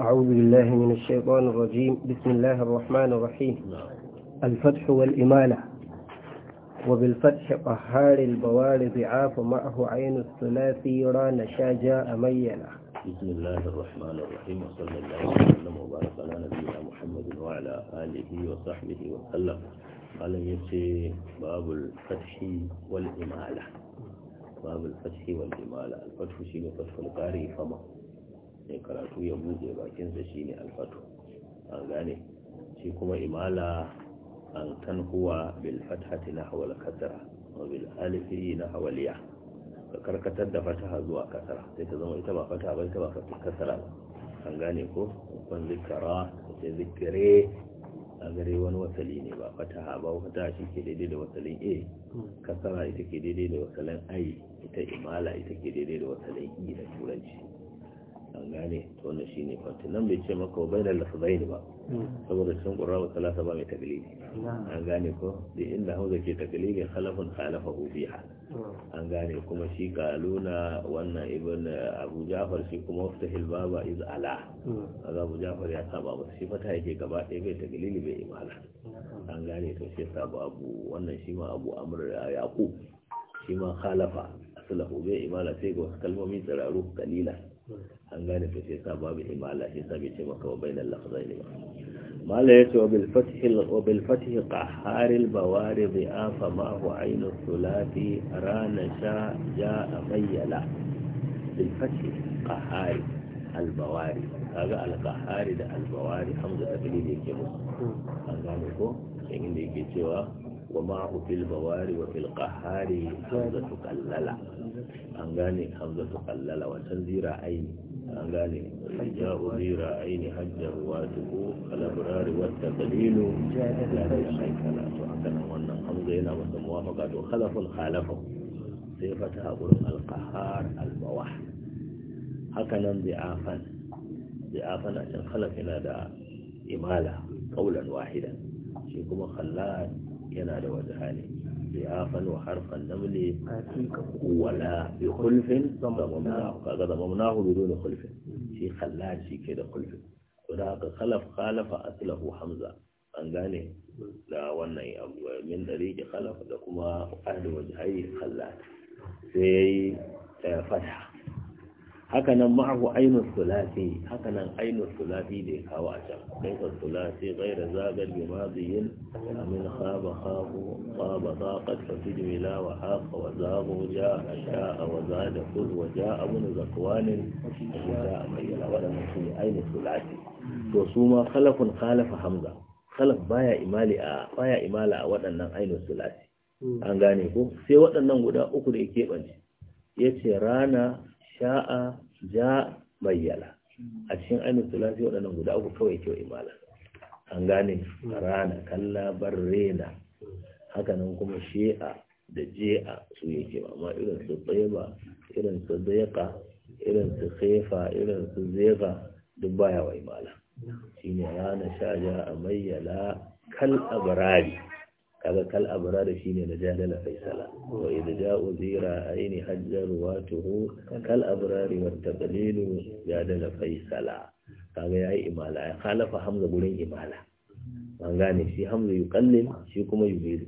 أعوذ بالله من الشيطان الرجيم بسم الله الرحمن الرحيم الفتح والإمالة وبالفتح قهار البوار ضعاف معه عين الثلاثي يرى نشاجا أمينا بسم الله الرحمن الرحيم وصلى الله وسلم وبارك على نبينا محمد وعلى آله وصحبه وسلم قال يسي باب الفتح والإمالة باب الفتح والإمالة الفتح شيء فتح القاري فما sai karatu ya buɗe bakinsa shine alfatu an gane shi kuma imala an tan huwa bil fathati na hawal kasara wa bil alifi na hawaliya ka karkatar da fataha zuwa kasara sai ta zama ita ba fataha ba ita ba kasara ba an gane ko kun zikara sai zikire a gare wani wasali ne ba fataha ba fataha shi ke daidai da wasalin a kasara ita ke daidai da wasalin ai ita imala ita ke daidai da wasalin i e da turanci an gane to wannan shine fati nan bai ce maka bai da lafzaini ba hmm. saboda sun qurra wa talata ba mai taglidi an gane ko da inda hauza ke taglidi khalafun khalafahu fiha hmm. an gane kuma shi kaluna wannan ibn abu jafar shi kuma waftahil baba iz ala hmm. kaga abu jafar ya saba ba shi fata yake gaba ɗaya bai taglidi bai imala an gane to shi sabu abu wannan shi ma abu amr yaqub shi ma khalafa aslahu bai imala sai ga wasu kalmomi tsiraru kalila an gane fi sai sa babu imala shi sa bai ce maka wa bainal lafzaini ba mala yace wa bil fathi wa bil fathi bawari bi afa ma huwa ayn rana sha jaa bayyala bil fathi qahar al kaga al da albawari hamza tabli ne ke musu an gane ko yayin da yake cewa ومعه في المواري وفي القهار حمزة قللة أنغاني حمزة قللة وتنذير عين أنغاني جاء ذير عين حج رواته الأبرار والتقليل لا يشيك لا تعتنى وأن حمزة هنا وسموافقة وخلف خالفه صفتها قرن القهار الموح هكذا ضعافا ضعافا عشان خلف هنا ده إمالة قولا واحدا شيء كما خلال yana da wasu hali ziyafan wa harfan namle wala bi khulfin kaga da mamnahu dole khulfin shi khallaj shi ke da khulfin to aka haka khalaf khalafa aslahu hamza an gane da wannan min ki khalaf da kuma ahli wajhi khallaj sai eh, fatha haka nan ma'ahu ainul sulasi haka nan ainul sulasi da ya kawo a can kaifa sulasi ghaira zagar bi madiyin amin khaba khabu khaba zaqat fa tujmila wa haqa wa zaqu jaa sha'a wa zada kul wa jaa ibn zakwan wa jaa mayyala wa lam yakun ainul sulasi to su ma khalafun khalafa hamza khalaf baya imali a baya imala a waɗannan ainul sulasi an gane ko sai waɗannan guda uku da ya keɓance ya ce rana sha'a ja bayyana a cikin ainihin sulasi waɗannan guda uku kawai kyau imala an gane rana kalla rena. hakanan kuma shi'a da je'a su yake amma irin su tseba irin su zeka irin su khefa irin su zeka duk baya wa imala shine rana sha ja a mayyala kal abrari kaga kal da shine na jalala faisala wa idza ja'u zira aini hajjar tuhu kal abrar wa taqlilu jadala faisala kaga yayi imala ya khalafa hamza gurin imala an gane shi hamza yuqallil shi kuma yuziru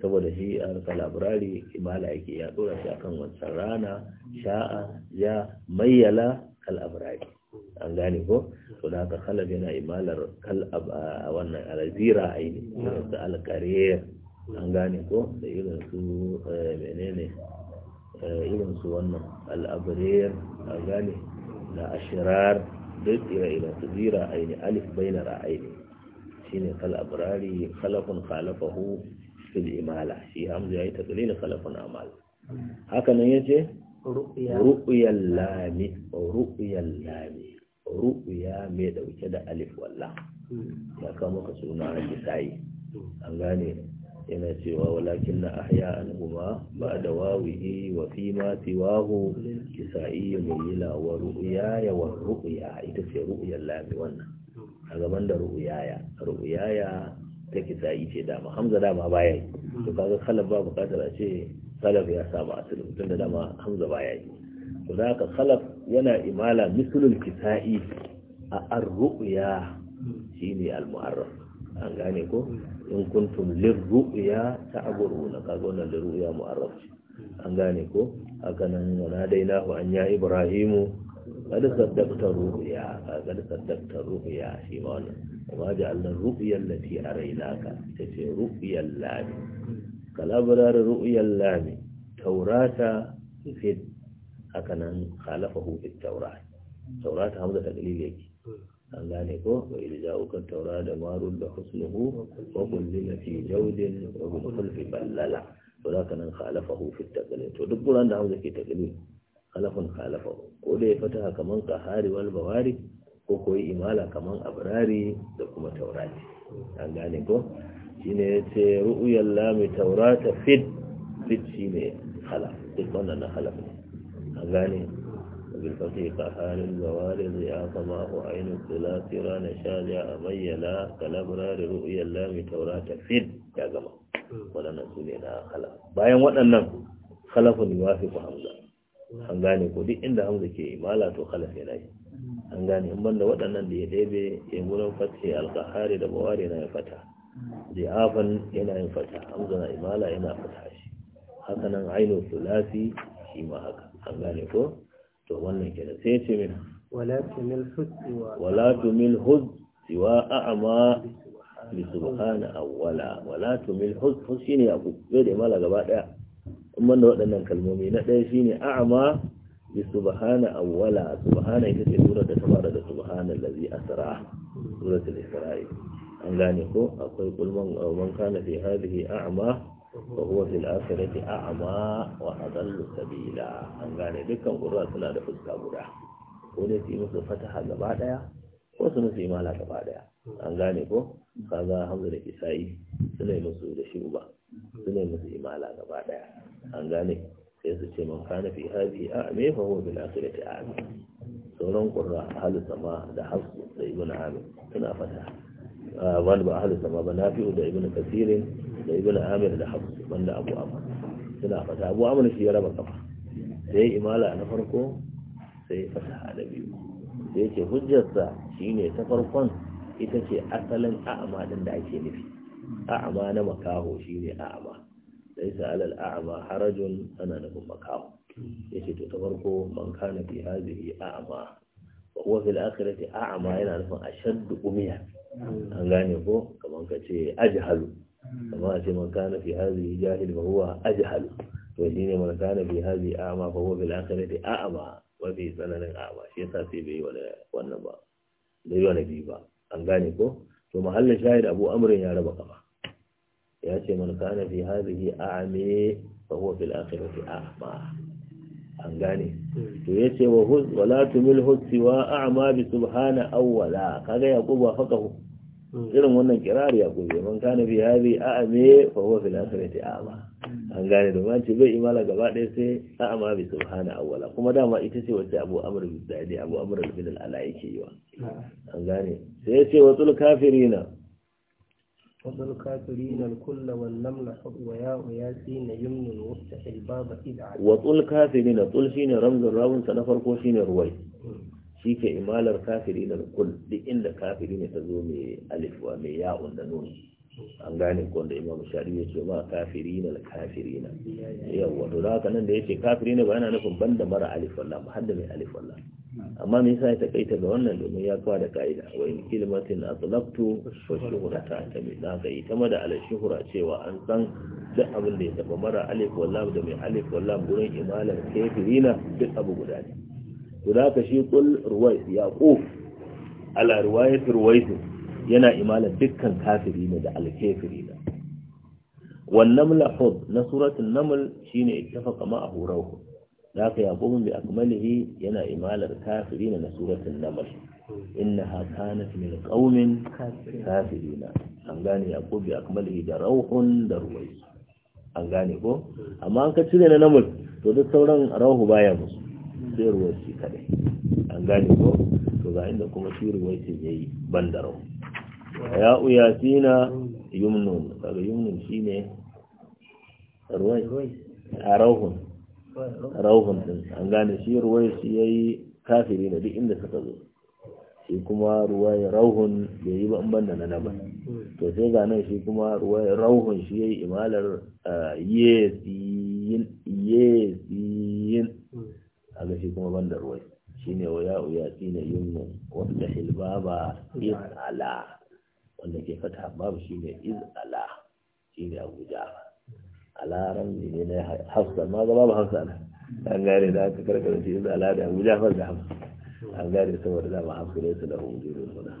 saboda shi a harkar labirari imala yake ya dora shi akan wancan rana sha'a ya mayyala kal abirari. an gane ko to da aka khalab yana imalar kal'ab a wannan alazira aini irin su an gane ko da irin su eh, menene eh, irin su wannan al'abariyar a gane da ashirar duk ira iren su zira aini alif bainar aini shine kal'abrari kalafin kalafahu fil imala shi hamza yayi taqlil kalafin amal haka nan yace ru'yal lami ru'yal lami ru'uya mai dauke da alif wallah hmm. ya kawo maka suna a kisayi hmm. an gane yana cewa walakin na ahya an kuma ba da wawihi wa fi ma siwahu kisayi mulila wa ya wa ru'uya ita ce ru'uyar lami wannan hmm. a gaban da ru'uyaya ru'uyaya ta kisayi ce dama hamza dama baya yi to kaga khalaf ba bukatar a ce khalaf ya samu asalin tun da dama hamza baya yi to da haka yana imala mislul kisa'i a ar-ru'ya shine almu'arraf an gane ko in kuntum lir-ru'ya ta'buruna kaga wannan lir-ru'ya mu'arraf an gane ko haka nan wana dainahu an ya ibrahimu قد saddaqta ruya قد saddaqta ru'ya shi ma wannan amma ja'alna ru'ya allati ita tace ru'ya lami kalabarar ru'ya lami taurata fi haka nan khalafahu fi tawrat tawrat hamza ta dalili yake an gane ko wa ilja'uka tawra da marul da husnuhu wa kullina fi jawdin wa kullu fi ballala to haka nan khalafahu fi taqlid to duk buran da hamza ke taqlid khalafun khalafahu ko da ya fataha kaman qahari wal bawari ko koyi imala kaman abrari da kuma taurati an gane ko shine yace ru'yal lam taurata fit fit shine khalaf duk wannan na khalaf an gane بالفتح كحال الجوال يا صباح عين الثلاث يا أمي لا كالابرار رؤيا اللام توراة فيد يا جماعة ولنا سنينا خلف bayan waɗannan khalafun yuwafiqu hamza an gane ko duk inda hamza ke imala to khalaf ya nayi gane in banda waɗannan da ya dabe, ya gurin fathi alqahari da bawari na ya fata di'afan yana yin fata hamza na imala yana fata shi haka nan ainu shi ma haka an gane ko to wannan kenan sai ce min wala tumil huz siwa a'ama bi subhana awwala wala tumil shi ne shine abu zai da mala gaba daya in man da waɗannan kalmomi na ɗaya ne a'ama bi subhana awwala subhana ita ce sura da samara da subhana allazi asra suratul isra'i an gane ko akwai kulman man kana fi hadhihi a'ama وهو في الآخرة أعمى وأضل سبيلا أن غاني دكا قرآن سنة دفزكا قدا ودي في مصر فتحة لبعدها وسنة في مالا لبعدها أن غاني بو kaga hamza da isa'i suna yi musu da shuba suna yi musu imala gaba daya an gane sai su ce man kana fi hadi a me fa huwa bil akhirati a sauran qurra ahli sama da hafsu da ibnu amir suna fata wani ba ahli sama ba nafi'u da ibnu kasirin da ibn amir da hafs wanda abu amr suna fata abu amr shi ya raba kafa sai imala na farko sai fasaha da biyu sai ce hujjarsa shine ta farkon ita ce asalin a'ama din da ake nufi a'ama na makaho shine a'ama sai laisa alal a'ama harajun ana nufin makaho ce to ta farko man kana fi hazihi a'ama wa huwa fil akhirati a'ama yana nufin ashaddu umiya an gane ko kamar ka ce ajhalu amma a ce man kana fi hazihi jahil fa huwa ajhal to shine man kana fi hazihi a'ma fa huwa fil A ma. wa fi tsananin ma shi yasa sai bai wani wannan ba bai wani bi ba an gane ko to mahallin shahid abu amrin ya raba kama. ya ce man kana fi hazihi a'mi fa huwa fil A ma. an gane to yace wa huz wala tumil huz siwa a'ma bi subhana awwala kaga yaqub wa faqahu irin wannan kirari ya gobe man kana bi a ame fa huwa fil akhirati a'ma an gane da man ce bai imala gaba ɗaya sai a'ma bi subhana awwala kuma dama ita ce wacce abu amr bi zadi abu amr bin al ala yake yi wa an gane sai ya ce wasul kafirina wasul kafirina al kull wal naml wa ya yasin yumn waftah al bab id'a wasul kafirina tul shine ramzun rawun sa na farko shine ruwai hmm. shi ke imalar kafiri na kul duk inda kafiri ne ta zo mai alifuwa mai ya'un da nun an gane ko da imam shari ya ce ma kafiri na kafiri na yawa to da haka nan da ya ce kafiri ne ba yana nufin banda mara alif wallah ba hadda mai alif amma me yasa ya takaita ga wannan domin ya kawo da ka'ida wa in kilmatin atlaqtu fa ta ta bi da haka ita ma da al cewa an san duk abin da ya taba mara alif da mai alif wallah gurin imalar kafirina duk abu guda ne to da ka shi kul ruwais yaqub ala ruwayat ruwais yana imala dukkan kafiri ne da alkafiri ne wannan lahud na suratul naml shine ittafaqa ma ahurahu Za ka yaqub bi akmalihi yana imalar kafiri ne na suratul naml innaha kanat min qaumin kafirina an gane yaqub bi akmalihi da rauhun da ruwais an gane ko amma an ka cire na namul to duk sauran rauhu baya musu sai kadai an gane ko to ga inda kuma shi ruwaisi ya yi ya uya sina yumnun kaga yumnun shine ruwai a rauhun rauhun din an gane shi ruwai shi yayi kafiri da duk inda suka zo shi kuma ruwai rauhun da yi ba ban da na na ba to sai ga nan shi kuma ruwai rauhun shi yayi imalar ah, yesi yesi kaga shi kuma ban da ruwai shine ya'u ya tsina yunnu wanda hilbaba iz ala wanda ke fata babu shine iz ala shine abuja ala ran ne na hafsa ma ga babu hafsa na an gane da aka karkar shi iz ala da abuja fa da hafsa an gane saboda da ba hafsa ne su da hujjojin suna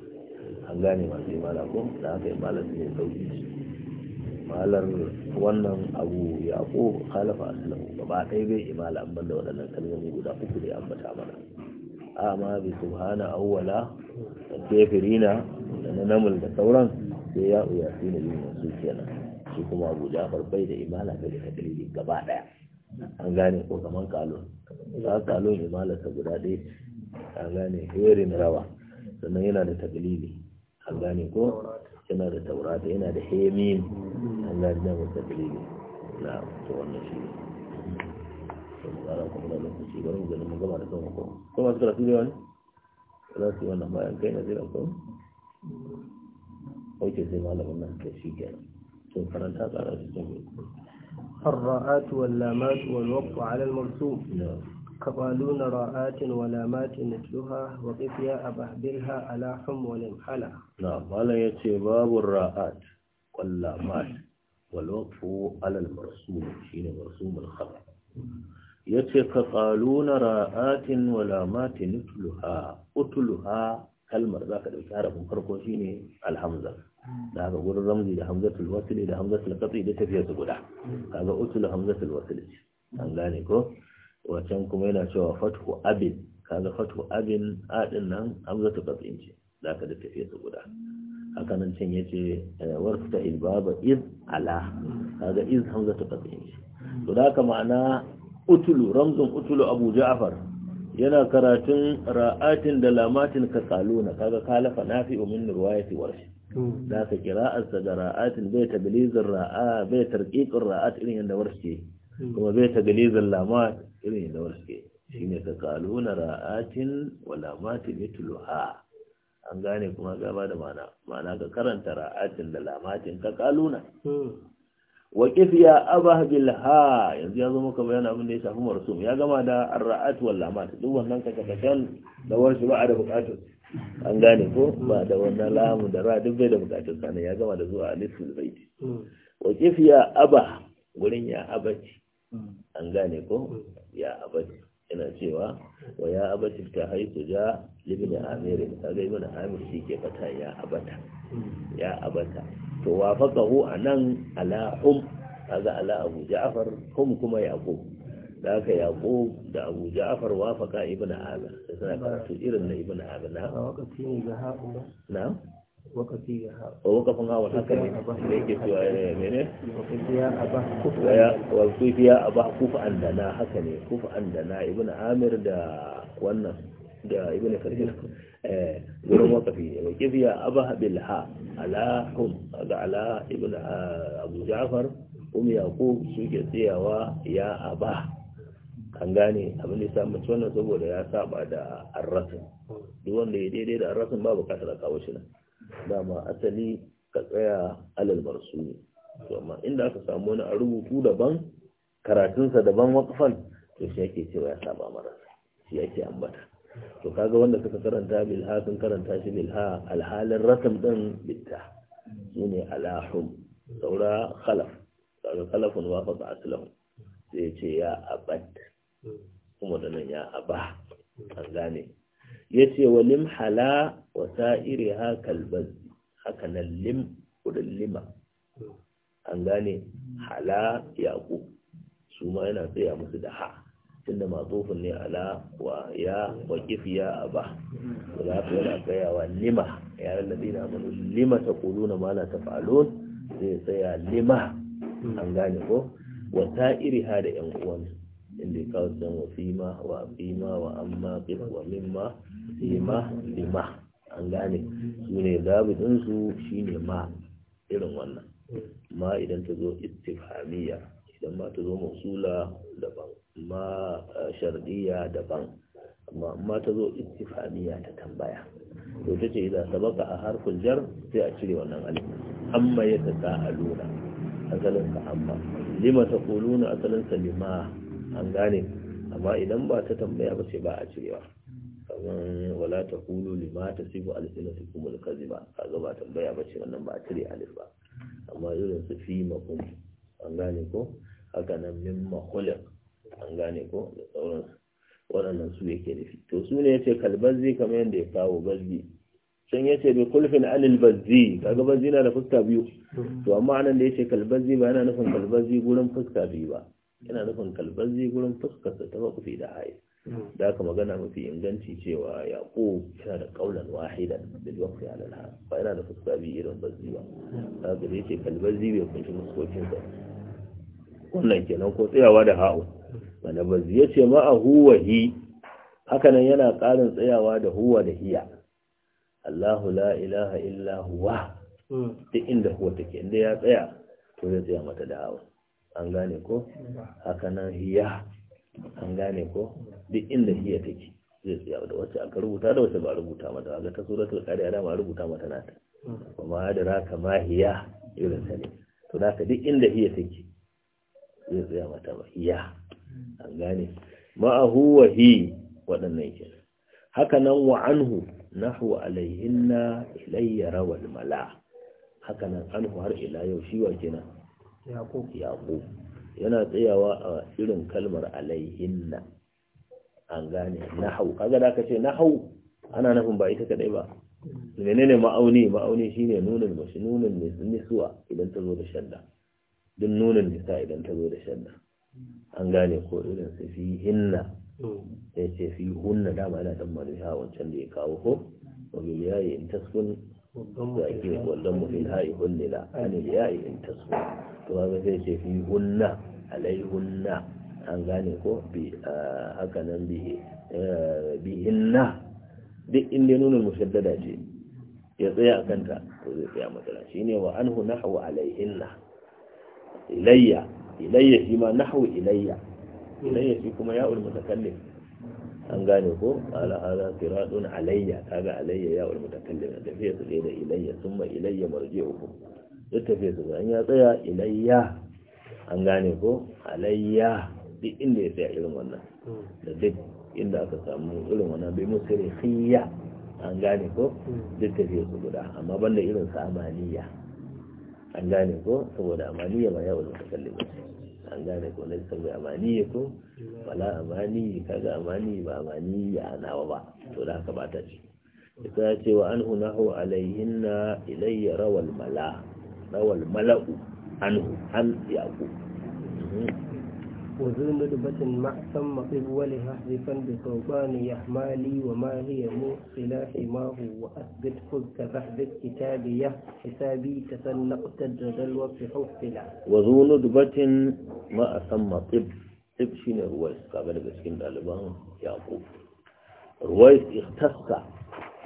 an gane masu imana ko da aka yi su ne sauki malar wannan abu ya ko khalafa aslahu ba kai bai imala an banda waɗannan kalmomi guda uku da ambata mana amma bi subhana awwala da kefirina da na namul da sauran sai ya uya su ne yin su kenan shi kuma abu jafar bai da imala bai da taklidi gaba ɗaya an gane ko kaman kalon za kalon imalarsa guda ɗaya an gane herin rawa sannan yana da taklidi an gane ko كما ذا التوراة هنا لحي ميم أن لا أدنه التدريب لا أصوى النشيء ولكن يقول لك ان يكون هناك من يكون هناك من يكون هناك من يكون هناك من يكون هناك من يكون هناك من يكون هناك من يكون هناك من يكون هناك من يكون هناك من يكون هناك من يكون هناك من kabalun ra'atin wa lamatin nutuha wa qifya abahdilha ala hum wa limhala na malan yace babu ra'at qallamat wal waqfu ala al marsum shine marsum al khabar yace kabalun ra'atin wa lamatin nutuha kalmar za ka dauki harafin farko shine al hamza da ga gurin ramzi da hamzatul wasl da hamzatul qati da tafiya guda kaga utul hamzatul wasl an gane ko wacan kuma yana cewa fatu abin kaga fatu abin adin nan ta qat'in da ka da tafiya su guda haka nan can yace eh, warfata baba iz ala kaga iz hamza ta ce to da haka ma'ana utulu ramzun utulu abu ja'far yana karatun ra'atin da lamatin ka kaluna kaga kalafa nafi min riwayati warshi da ka kira'arsa da ra'atin bai tablizin ra'a bai tarqiqin ra'at irin yadda warshi Hmm. kuma bai ta galizan lama irin da ke shi ne ka kaluna ra'atin walamatin ituluha an gane kuma gaba da mana mana ka karanta ra'atin da lamatin ka kaluna hmm. ya aba abah ha yanzu ya zo maka bayan abin da ya shafi marsum ya gama da ra'at wal lamat duk wannan ka kakashan da shi ba a da bukatun an gane ko hmm. ba da wannan lamu da ra duk bai da bukatun sanan ya gama da zuwa alisul baiti Waƙifi ya Aba gurin ya abaci an gane ko ya abati Ina cewa wa ya abati ta haitu ja libin amirin ta ga ibn amir shi ke fata ya abata ya abata to faqahu anan ala hum kaga ala abu ja'far hum kuma yaqub da ka yaqub da abu ja'far faqa ibn amir suna karatu irin na ibn amir na wakati na ووقفها والحكم ليك مينه والكيفية أباح عندنا حكني عندنا ابن عامر دا وانا دا ابن كثير ne bilha ala abu ja'far um yaqub suke tsayawa ya kan gane abin da samu wannan saboda ya saba da arrasin duk wanda ya daidai da arrasin babu kasar kawo shi nan dama asali ka tsaya alal marsu ne to amma inda aka samu wani a rubutu daban karatunsa daban wakafan to shi yake cewa ya saba mara shi yake ambata to kaga wanda suka karanta bilha sun karanta shi bilha alhalin rasam din bitta ne alahum saura khalaf saura khalafun wa faqa aslahu sai ya ce ya abad kuma da nan ya aba an gane yace wa lim hala wa sa'iri hakal haka nan lim kudin lima an gane hala yaqub su ma yana tsaya musu da ha tunda matsofin ne ala wa ya wa kifiya a ba to za ka yana lima ya lallabi na manu lima ta kulu na mana ta falon zai tsaya lima an gane ko wa sa'iri ha da yan uwansu inda ya kawo can wa fima wa fima wa amma wa mimma fima lima an gane su ne zabidinsu shi ne ma irin wannan ma idan ta zo istifhamiya idan ma ta zo masula daban ma shardiya daban amma ma ta zo istifhamiya ta tambaya to ta ce idan baka a harkun jar sai a cire wannan alif amma ya ta sa'aluna asalin ka amma lima ta kuluna asalin sa lima an gane amma idan ba ta tambaya ba ce ba a cirewa kaman wala ta kulu lima ta sifu alsinatukum alkaziba kaga ba tambaya ba ce wannan ba a cire alif ba amma irin su fi makum an gane ko haka nan min makhulaq an gane ko da sauransu waɗannan su yake nufi to su ne yace kalbazzi kamar yadda ya kawo bazzi can yace bai kulfin alil bazzi kaga bazzi na da fuska biyu to amma anan da yace kalbazzi ba yana nufin kalbazzi gurin fuska biyu ba yana nufin kalbar zigurin fuskarsa ta makufi da haye. Hmm. da aka magana mafi inganci cewa yaƙo yana da ƙaunar wahidan da biyan yanar alalha ba yana da fuska bi irin bazzi ba ta ga da yake kalbazi bai kunshi sa wannan kenan ko tsayawa da ha'u wanda bazzi ya ce ma'a huwa hi hakanan yana ƙarin tsayawa da huwa da hiya Allahu la ilaha illa huwa hmm. duk inda huwa take inda ya tsaya to zai tsaya mata da ha'u an gane ko haka nan hiya an gane ko duk inda hiya take zai tsaya da wacce aka rubuta da wacce ba rubuta mata ga ta ta kariya da ma rubuta mata nata kuma da raka ma hiya irin ta ne to da duk inda hiya take zai tsaya mata ba hiya an gane ma'ahu wa hi waɗannan ke haka nan wa anhu nahu alaihinna ilayya rawal mala haka nan anhu har ila yau shi wa kenan yaƙo yana tsayawa a irin kalmar alaihinna an gane nahau kaga da aka ce nahau ana nufin ba ita kadai ba menene ma'auni ma'auni shine nunin mashi nunin idan ta zo da shadda duk nunin nisa idan ta zo da shadda an gane ko irin su fi hinna hmm. sai ce fi hunna dama yana dan manufa wancan da ya kawo ko wa yayi in taskun da وأجيب واللم في الهاء هللا عن الياء إن تصبر وهذا sai في alai عليهن an gane ko bi haka nan bi hinna duk inda nuna musaddada ce ya tsaya a kanta ko zai tsaya matsala shi ne wa anhu nahu alaihinna ilayya ilayya shi ma nahu ilayya ilayya shi kuma ya ulmata mutakallim an gane ko ala hada siratun alayya kaga alayya ya wal mutakallim da tafiya su da ilayya summa ilayya marji'ukum duk tafiya su an ya tsaya ilayya an gane ko alayya duk inda ya tsaya irin wannan da duk inda aka samu irin wannan bai musirihiyya an gane ko duk tafiya su guda amma banda irin sa amaniya an gane ko saboda amaniya ma ya wal mutakallim an gane ko lai sabai amani ya ko wala amani kaga amani ba amani ya nawa ba to da haka ba ta ce ita ya ce wa an hunahu alayhinna ilayya rawal mala rawal mala'u anhu an yaqu mhm. وذو ندبة مع ثم إبولها حذفا بثوبان يحمالي وما هي موصلة حماه وأثبت خذ كفحذ كتابية حسابي تسلق تجد الوقت حفلا وذو ندبة مع ثم طب طب شين رويس قبل بسكين دالبان يعقوب رويس اختص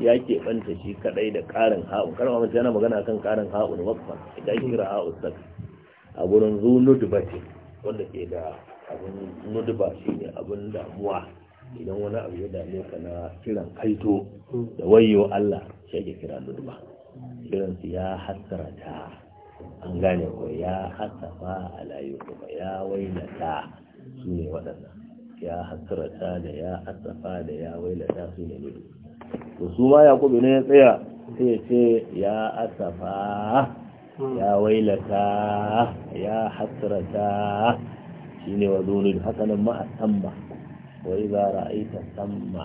ya keɓanta shi kaɗai da ƙarin ha'un karfa mace yana magana kan ƙarin ha'un wakfan idan kira ha'un sak a wurin zunu dubatin wanda ke da abin nuduba shi ne abin damuwa idan wani abu ya dame ka na kiran kaito da wayo Allah shi ake kira nuduba kiransu ya hasarata an gane ko ya hasafa alayu kuma ya wailata su ne waɗannan ya hasarata da ya hasafa da ya wailata su ne nudu to su ma yakubu ne ya tsaya sai ya ce ya asafa ya wailata ya hasarata shine wa zunul hakanan ma samma wa idza ra'aita samma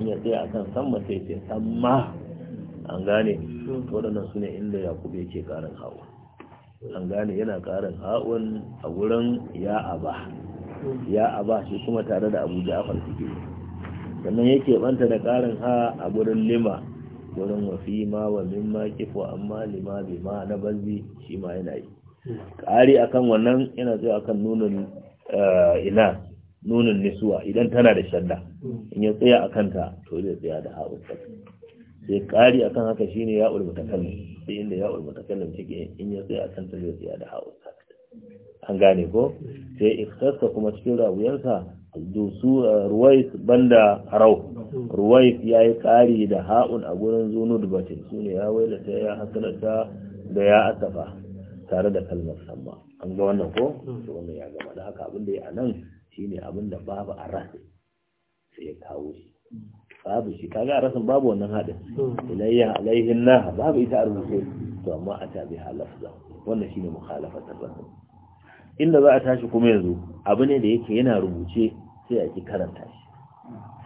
in ya tsaya akan samma sai ce samma an gane waɗannan su ne inda yakubu yake karin hawa an gane yana karin hawan a wurin ya aba ya aba shi kuma tare da abu ja'afar suke sannan yake banta da karin ha a gurin lima gurin wafi ma wa mimma kifo amma lima ma na banzi shi ma yana yi ƙari akan wannan yana zuwa akan nunin ina nunin nisuwa idan tana da shadda in ya tsaya a kanta to zai tsaya da ha'ul sai ƙari akan haka shine ya'ul mutakallim sai inda ya'ul mutakallim cike in ya tsaya a kanta zai tsaya da ha'ul an gane ko sai ikhtasa kuma cikin rawuyansa dusu ruwais banda rau ruwais ya yi ƙari da ha'un a gurin zunu dubatin su ne ya wailata ya hasanata da ya asafa tare da kalmar samma an ga wannan ko mm. to wannan ya gama da haka abin da ya nan shine abin da babu a rasa sai ya kawo shi babu shi ka ga rasin babu wannan hadin mm. ilayya alaihin naha babu ita a rubuce to amma a ta tabi halafza wannan shine mukhalafatar rasul inda za a tashi kuma yanzu abu ne da yake yana rubuce sai a ki karanta shi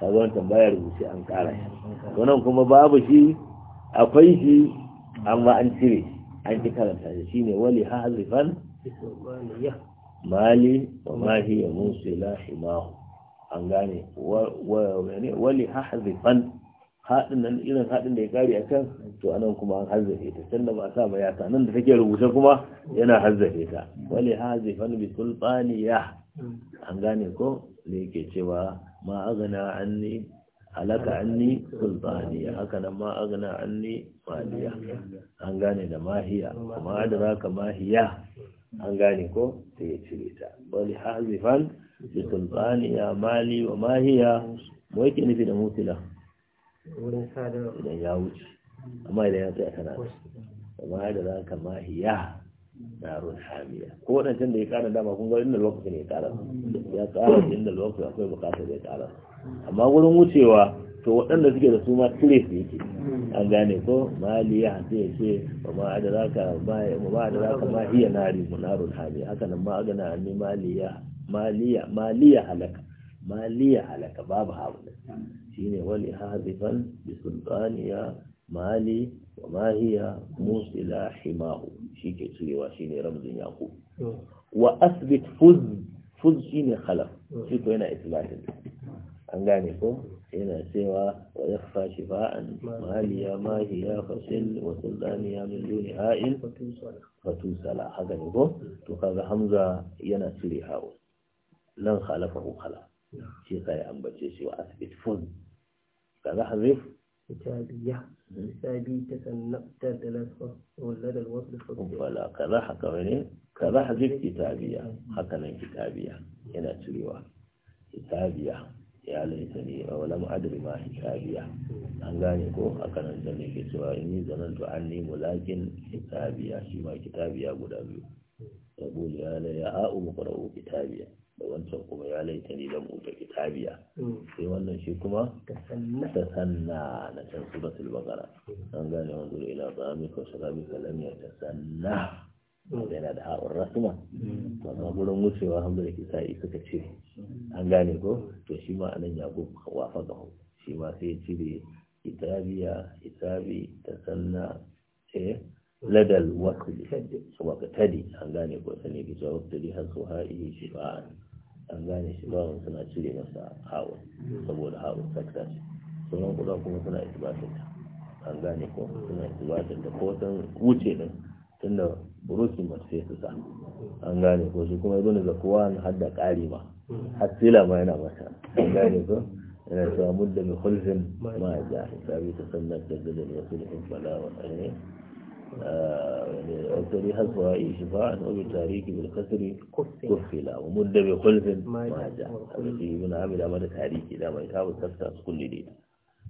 ga wannan baya rubuce an kara shi wannan kuma babu shi akwai shi amma an cire shi an ki karanta shi shine wali hazifan mali wa ma ya munsila mahu an gane wali hazifan haɗin nan irin haɗin da ya ƙari a kan to anan kuma an hazzafe ta can da ba a sa ya ta nan da take rubuta kuma yana hazzafe ta wali hazifan bi sulfaniya hmm. an gane ko da yake cewa ma an ni halaka anni sultaniya haka nan ma agna anni maliya an gane da mahiya kuma ka mahiya an gane ko sai ya cire ta bali hazifan bi sultaniya mali wa mahiya mu yake nufi da mutila idan ya wuce amma idan ya tsaya kana kuma ka mahiya na narun hamiya ko wadancan da ya kara dama kun ga inda lokacin ya kara ya kara inda lokacin akwai bukatar ya kara amma wurin wucewa to waɗanda suke da su ma tire su yake an gane ko mali ya hace ya ce ba ma ka ba ma ka ma iya nari munarun hali haka nan ma agana ne maliya maliya ya halaka ya halaka babu hawa shine wali hazifan bi sultaniya mali wa ma musila himahu shike cirewa shine ramzin yaqub wa asbit fuz fuz shine khalaf shi ko yana islatin an gane ko yana cewa wa ya fa shifa'an maliya ma hiya fasil wa sultaniya min duni ha'il fatu sala haka ne ko to kaga hamza yana cire hawo nan khalafa ko khala shi sai ambace shi wa asbit fun kaga hazif كتابية كتابي تسنبت دلسة ولد الوصل فلا كذا حكا وني كذا حذف كتابية حكا كتابية هنا تريوا كتابية ya laita ne a walam adri ma hisabiya an gane ko a karanta ne ke cewa in yi zanen to an nemo lakin hisabiya shi ma kitabiya guda biyu sabulu ya la ya a'u kitabiya da wancan kuma ya laita ne da mutu kitabiya sai wannan shi kuma ta sanna na can suratul baqara an gane wanzu ila ta'amika wa sharabika ta sanna. yana da ha'un rasuma mm. amma gurin wucewa hamdu da kisa'i suka ce an gane ko to shi ma anan gub wafa gaho shi ma sai cire itabiya itabi ta sanna ce eh, ladal wakili wakatadi an gane ko sani ki cewa wakili har su ha'i shi ba an gane shi ba suna cire masa hawa saboda ha'un sakta ce sunan kuɗa kuma suna itibatin ta an gane ko suna itibatin da ko sun wuce din tunda buruki masu sai su sa an gane ko shi kuma ibn zakwan har da ƙari ma hasila ma yana masa an gane ko yana cewa mudda bi khulfin ma ja sabi ta sannan da da rasul in bala wa ne يعني أكثر حسب شفاء أو بالتاريخ بالكسر كفلا ومدة da ما جاء الذي من عمل عمل تاريخ إذا ما يتابع تفتح كل دين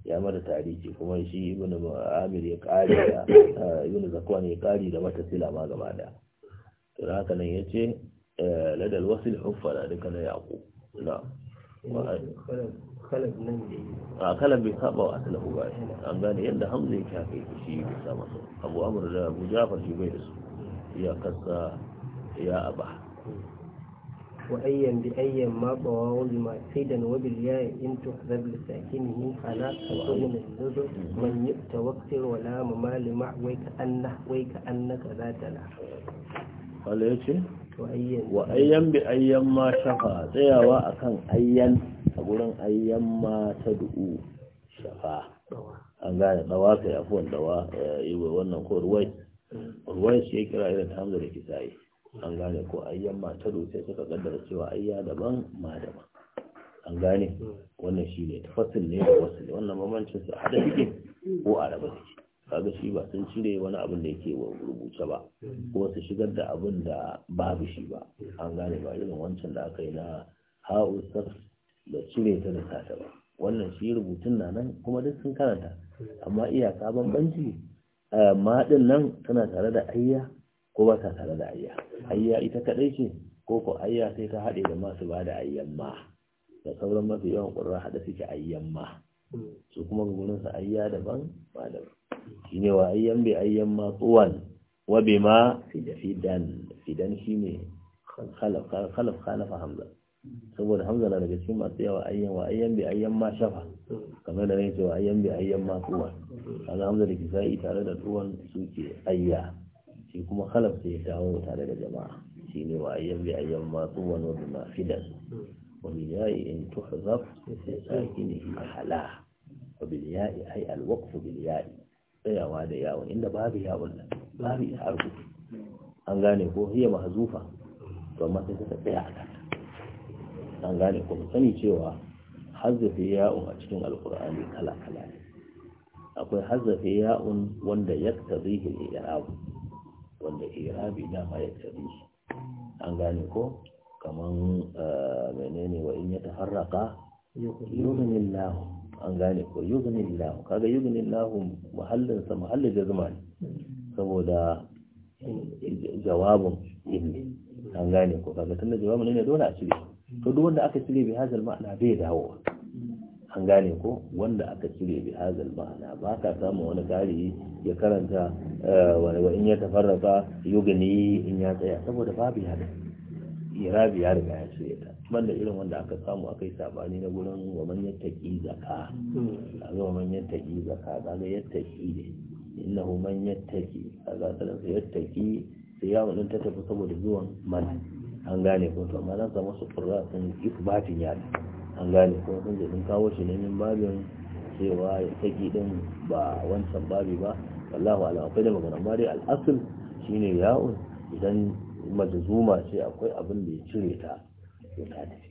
ya mara tariki kuma shi ibn amir ya kari da eh, ibn zakwan ya kari da mata sila ma gaba da to haka nan yace eh, ladal wasil huffala duka na yaqu na kalab nan da a kalab bai saba wa asalahu ba an gane yadda hamza ya kai shi bi saba su abu amr da abu jafar shi bai da su ya kasa ya aba وأيا بأيا ما طواه لما سيدا وبالياء إن تحذب لساكنه على سؤال النذر من يؤت وكسر ولا ممال مع ويكأنه ويكأنك ذات لا قال يتي وأيا بأيا ما شفا تيوا أكن أيا أقولن أيا ما تدعو شفا an gane dawa kai afuwan dawa yi wannan ko ruwai ruwai shi ya kira irin hamza da kisaye an gane ko ayyan matar sai suka kaddara cewa ayya daban ma daban an gane wannan shi ne ne da wasu ne wannan mamancin su hada suke ko a raba suke kaga shi ba sun cire wani abin da yake rubuce ba ko su shigar da abin da babu shi ba an gane ba irin wancan da aka yi na ha'usar da cire ta da sata ba wannan shi rubutun na nan kuma duk sun karanta amma iyaka bambanci eh, ma nan tana tare da ayya ko ba ta tare da ayya ayya ita kadai ce ko ko ayya sai ta haɗe da masu ba da ayyan ma da sauran mafi yawan ƙurra haɗa suke ayyan ma su kuma gungunan sa ayya daban ba Shi shine wa ayyan bi ayyan ma tsuwan wa bi ma fidan fidan shine khalaf khalaf khalafa hamza saboda hamza na daga cikin masu yawa ayyan wa ayyan bi ayyan ma shafa kamar da nake wa ayyan bi ayyan ma tsuwan kaga hamza da kisa'i tare da tsuwan suke ayya shi kuma kalaf sai ya kawo tare da jama'a shi ne wa ayyan bi ayyan ma wani wa na fidan wani bil ya'i in tuhzaf sai a hala wa bil ya'i ai al waqf bil ya'i tsayawa da yawon inda babu yawon nan babu ya harfu an gane ko hiya mahzufa to amma sai ta tsaya a kan an gane ko sani cewa hazzafe yawon a cikin alkur'ani kala kala ne akwai hazzafe yawon wanda yaktazihi al-i'rab wanda irabi dama ya tsari an gane ko kaman eh, menene wa in ya tafarraka lahu. an gane ko yugnillahu kaga yugnillahu muhallin sa muhallin da zuma ne saboda jawabin ilmi an gane ko kaga tunda jawabin ne dole a cire to duk wanda aka cire bi hazal ma'ana bai dawo an gane ko wanda aka cire bi hazal ma'ana ba ka samu wani gari ya karanta eh, wa in ya tafarraka yugani in ya tsaya saboda babu ya irabi ya riga ya cire ta banda irin wanda aka samu aka yi sabani na gurin wa man yattaqi zaka a wa man yattaqi zaka ya yattaqi ne hu man yattaqi kaga sanan sai yattaqi sai ya wannan ta tafi saboda zuwan man an gane ko to amma za su masu sun isbatin ya an gane ko sun je sun kawo shi nemin babin cewa ya saki din ba wancan babi ba wallahu ala akwai da magana amma dai al'asul shine ya'un idan majzuma ce akwai abin da ya cire ta to ta tafi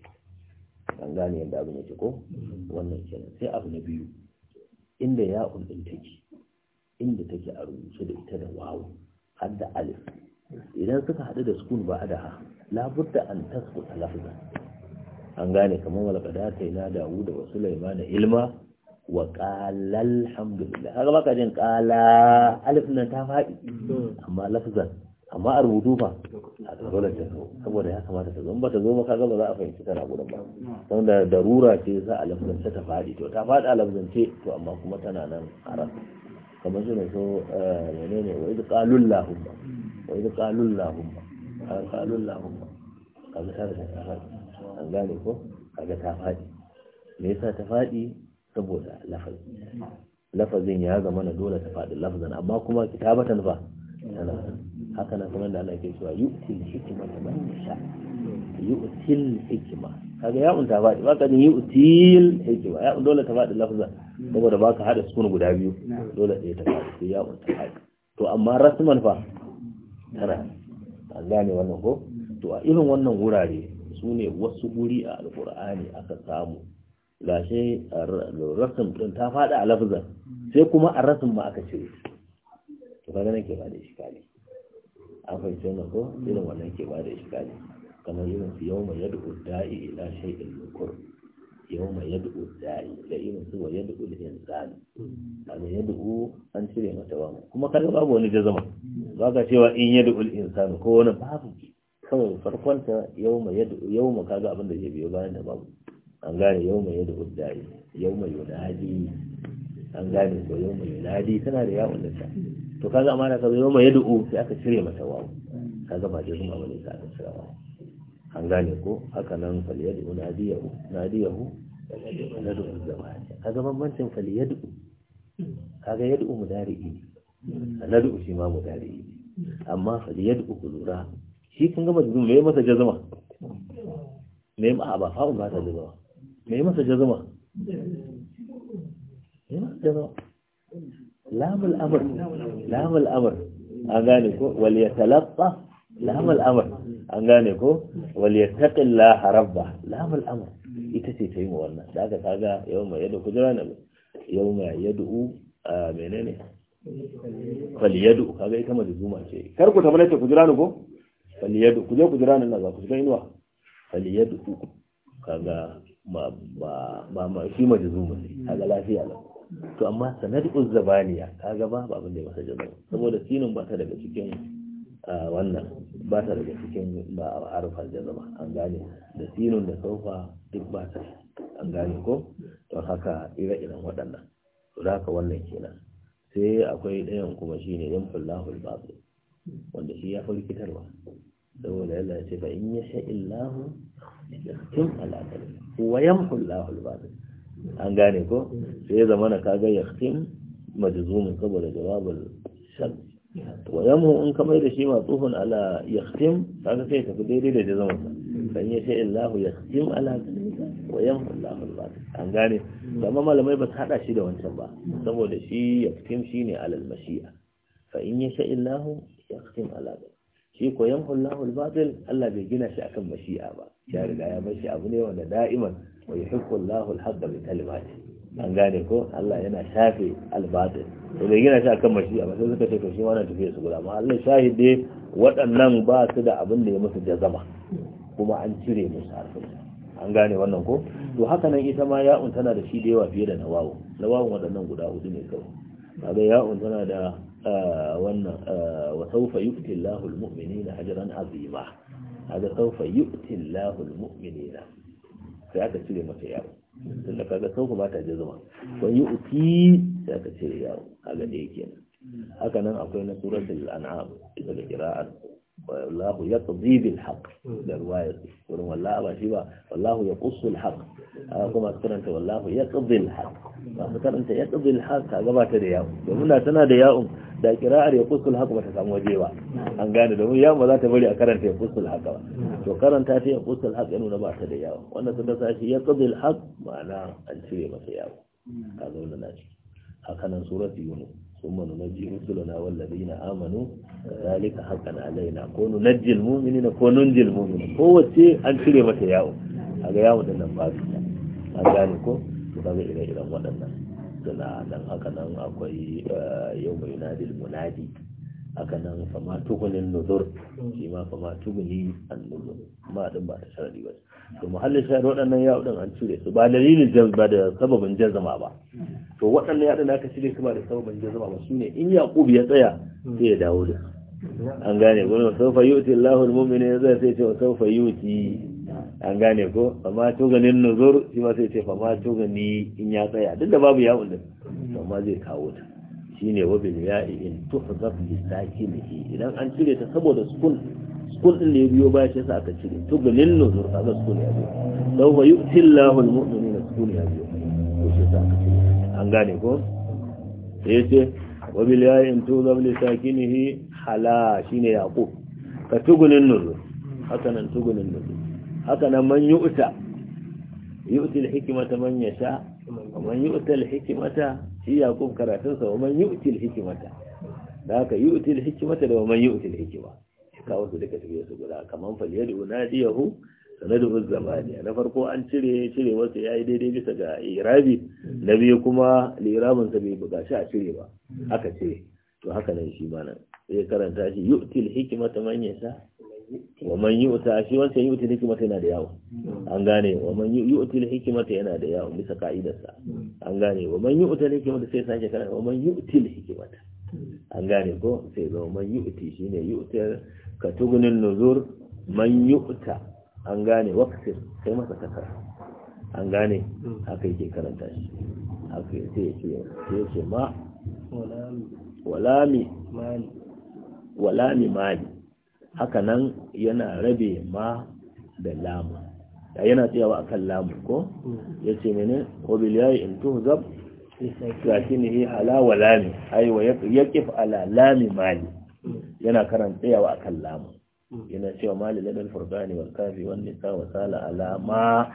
an gane yadda abin yake ko wannan kenan sai abu na biyu inda ya'un din take inda take a rubuce da ita da wawu har da alif idan suka haɗu da sukun ba a da ha labudda an tasbuta lafzan an gane kamar walakada ta ina dawu da wasu laimana ilma wa ƙalal hamdulillah haka baka jin ƙala alif nan ta faɗi amma lafzan amma a rubutu fa a tsaro da tsaro saboda ya kamata ta zo ba ta zo maka gaba za a fahimci tana gudan ba don da darura ce za a lafzance ta faɗi to ta faɗi a lafzance to amma kuma tana nan haram kamar su ne so eh, menene wa idu qalul lahumma wa idu qalul lahumma qalul lahumma kaga ta da ta faɗi an gane ko kaga ta faɗi me yasa ta faɗi saboda lafazi lafazin ya zama na dole ta faɗi lafazin amma kuma kitabatan fa tana haka na kuma da Allah ke cewa yu'til hikma ta man yasha yu'til hikma kaga ya unta faɗi baka jin yu'til hikma ya dole ta faɗi lafazin saboda baka hada sukun guda biyu dole sai ta faɗi sai ya unta faɗi to amma rasman fa tana an gane wannan ko to a irin wannan wurare su ne wasu guri a alkur'ani aka samu gashi rasin din ta faɗi a lafzan sai kuma a rasin ma aka cire to kaga nan ke ba da iskali an fahimci na ko irin wannan ke ba da iskali kamar irin su yau mai yadda da'i ila shay'in nukur yau mai yadda da'i da irin su wa yadda insani kaga yadda an cire mata wa kuma kada babu wani jazama ba ka cewa in yadda insani ko wani babu kawai farkon ta yauma yauma kaga abin da ke biyo bayan da babu an gane yau yauma yadda uddari yauma yunadi an gane ko yau yauma yunadi tana da yawon da ta to kaga amana yau yauma yad'u sai aka cire mata wawu kaga ba jazuma bane ka aka cire wawu an gane ko haka nan fal yad'u nadiyahu nadiyahu nadu zaman kaga bambancin fal yad'u kaga yad'u mudari'i nadu shi ma mudari'i amma fal yad'u kulura shi kun gama jazuma me masa jazuma me ma ba fa'un ba ta jazuma me masa jazuma me masa jazuma lamul amr lamul amr an gane ko wal yatalaqqa lamul amr an gane ko wal yattaqillaha rabba lamul amr ita ce ta yi ma wannan da aka kaga yau mai yadda jira na yau mai yadda a menene kwaliyadu kaga ita majazuma ce kar ku tabbata ku jira ko faliyadu ku je ku jira nan za ku shiga inuwa faliyadu kaga ba ba ma shi majzuma ne kaga lafiya lau to amma sanad'u zabaniya kaga ba abin da ya masa jazama saboda sinin ba ta daga cikin wannan ba ta daga cikin ba a arfar jazama an gane da sinin da saufa duk ba ta an gane ko don haka ire-iren waɗannan to da haka wannan kenan sai akwai ɗayan kuma shine yan fullahu al wanda shi ya fi fitarwa saboda yana ce fa in sha illahu yaktin al-adl wa yamhu Allahu an gane ko sai zama na kaga yaktin majizumin saboda jawabar shan. wa yamhu in ka mai da shi tsohon ala yaktim kaga sai ka fi daidai da jazamin fa in sha illahu yaktin al wa yamhu Allahu al an gane amma malamai ba su hada shi da wancan ba saboda shi yaktim shine alal mashi'a fa in yasha illahu yaqtim ala shi ko yan Allahu al-batil Allah bai gina shi akan mashi'a ba ya riga ya bar shi abu ne wanda da'iman wa yuhibbu Allahu haɗa haqq bi kalimati an gane ko Allah yana shafe al to bai gina shi akan mashi'a ba sai suka ce to shi wannan tafiya su guda amma Allah shahide waɗannan ba su da abin da ya musu jazama kuma an cire musu harfin an gane wannan ko to haka nan ita ma ya'un tana da shi da yawa fiye da nawawu nawawun waɗannan guda hudu ne kawai kaga ya'un tana da wannan wa sawfa yu'ti Allahu al-mu'minina ajran azima hada sawfa yu'ti Allahu al sai aka cire mata yawo tunda kaga sawfa ba ta jazuma wa yu'ti sai aka cire yawo kaga da yake haka nan akwai na suratul an'am ita da qira'at wallahu yaqdi da riwaya wurin wallahi ba ba wallahu yaqussu kuma karanta wallahu ba karanta ba ta tana da da kira'ar ya kusul haka ba ta samu waje ba an gane domin ya ba za ta bari a karanta ya kusul haka ba to karanta ta ya kusul haka ya nuna ba ta da yawa wannan sun dasa shi ya kusul haka ma'ana an cire masa yawo ka zo da nashi haka nan surat yunus ثم na رسلنا na Amanu, كذلك حقا علينا كون ننجي المؤمنين كون ننجي المؤمنين هو شيء an cire mata yawo ga yawo da nan babu an gane ko to kaga ire-iren waɗannan suna nan haka nan akwai eh, yau mai yunadil munadi haka nan fama tukunin nuzur shi ma fama tukuni an nuzur ma din ba ta sharadi ba to muhallin shayar waɗannan ya din an cire su ba dalilin jaz ba da sababin jazama ba to waɗannan ya din aka cire su ba da sababin jazama ba shine in yaqub ya tsaya sai ya dawo da an gane gurin sawfa yuti Allahu al-mu'mina zai sai ce sawfa yuti an gane ko amma ganin nuzur shi ba sai ce fa ma gani in ya tsaya duk da babu ya'un din amma zai kawo ta shine wa bil ya'i in tuhzaf li sakinihi idan an cire ta saboda sukun sukun din da ya biyo baya sai aka cire tuganin nuzur ga sukun ya biyo law wa yu'ti Allahu al mu'minina sukun ya biyo to sai aka cire an gane ko sai yace wa bil ya'i in tuhzaf li sakinihi hala shine yaqub ka tugunin nuzur haka nan tugunin nuzur haka nan man yu'ta yu'ti al-hikmata man yasha man yu'ta al-hikmata shi yaqub karatun sa man yu'ti al-hikmata da haka yu'ti al-hikmata da man yu'ti al-hikma kawo su duka tafiye su guda kaman fal yad'u nadiyahu sanadu zamani na farko an cire cire wasu yayi daidai bisa ga irabi na biyu kuma liraminsa sa bai shi a cire ba aka ce to haka nan shi ma nan sai karanta shi yu'til hikmata man yasha wa man yu'ta shi wancan yu'ti hikimata yana da yawo an gane wa man yu'ti hikimata yana da yawo bisa ka'idarsa an gane wa man yu'ta hikimata sai sake kana wa man yu'ti hikimata an gane ko sai wa man yu'ti shine yu'ta ka tugunin nuzur man yu'ta an gane waqtin sai masa takar an gane haka yake karanta shi haka sai yake yake ma wala mi wala mi mali haka nan yana rabe ma da lamu da yana tsayawa kan lamu ko ya ce mene wabil yayi in tuhzab sakinihi yi halawa lami aiwa ya kif ala lami mali yana karan tsayawa kan lamu yana cewa mali ladal Furgani wal kafi wan ta wa sala ala ma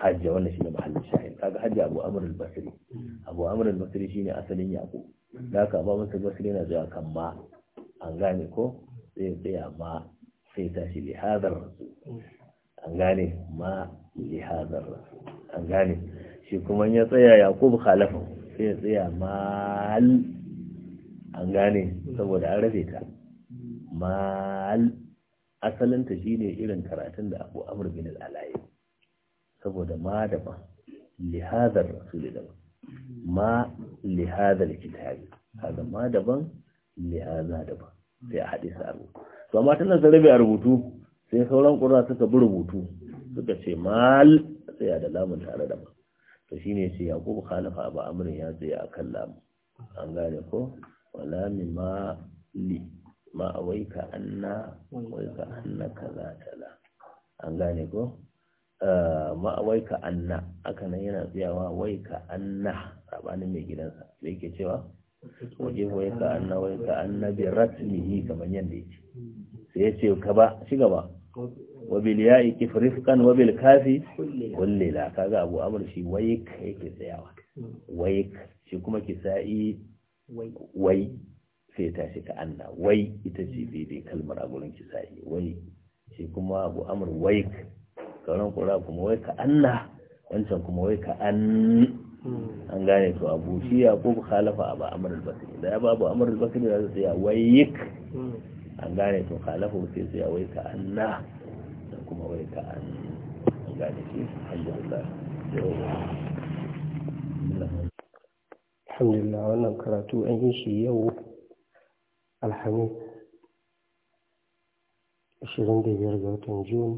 hajja wannan ne mahallin shahid kaga hajja abu amr al abu amr al basri ne asalin yaqub da ka ba masa basri yana zuwa kan ma an gane ko sai tsaya ma sai tashi lihazar rasu an gane ma lihazar rasu an gane shi kuma ya tsaya yakubu khalafa sai ya tsaya mal an gane saboda an rafe ta mal asalinta shine irin karatun da abu amur bin al'alaye saboda ma daban lihazar rasu daban ma lihazar kitabi hada ma daban lihaza daban sai a haɗe su a rubutu to amma tana da rabe a rubutu sai sauran ƙura suka bi rubutu suka ce mal tsaya da lamun tare da ba to shine sai yakubu khalifa ba amrin ya tsaya kan lamun an gane ko wala mi ma li ma ka anna ka anna ta tala an gane ko eh, ma awaika anna aka nan yana tsayawa waika anna saɓanin mai gidansa da yake cewa wajibu ya ka'anna wa ka'anna bi ratlihi kaman yanda yake sai ya ce ka ba shi gaba wa bil ya'i kifrifkan wa bil kafi kulli la kaga abu amr shi wayik yake tsayawa wayik shi kuma ki sa'i wai sai ta shi ka'anna wai ita ce daidai kalmar a ki sa'i wai shi kuma abu amr wayik sauran kura kuma wai ka'anna wancan kuma wai ka'an an gane to abu shi yaqub khalafa abu amr al-basri da ya babu amr al-basri da zai ya wayyik an gane to khalafa sai sai wai wayyika anna da kuma wayyika an an gane shi alhamdulillah alhamdulillah wannan karatu an yi shi yau alhamis 25 ga watan jun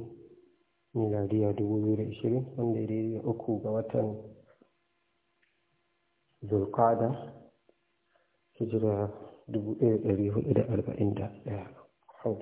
miladiya 2020 wanda ya daidai uku ga watan zulkada hijira 1441 hau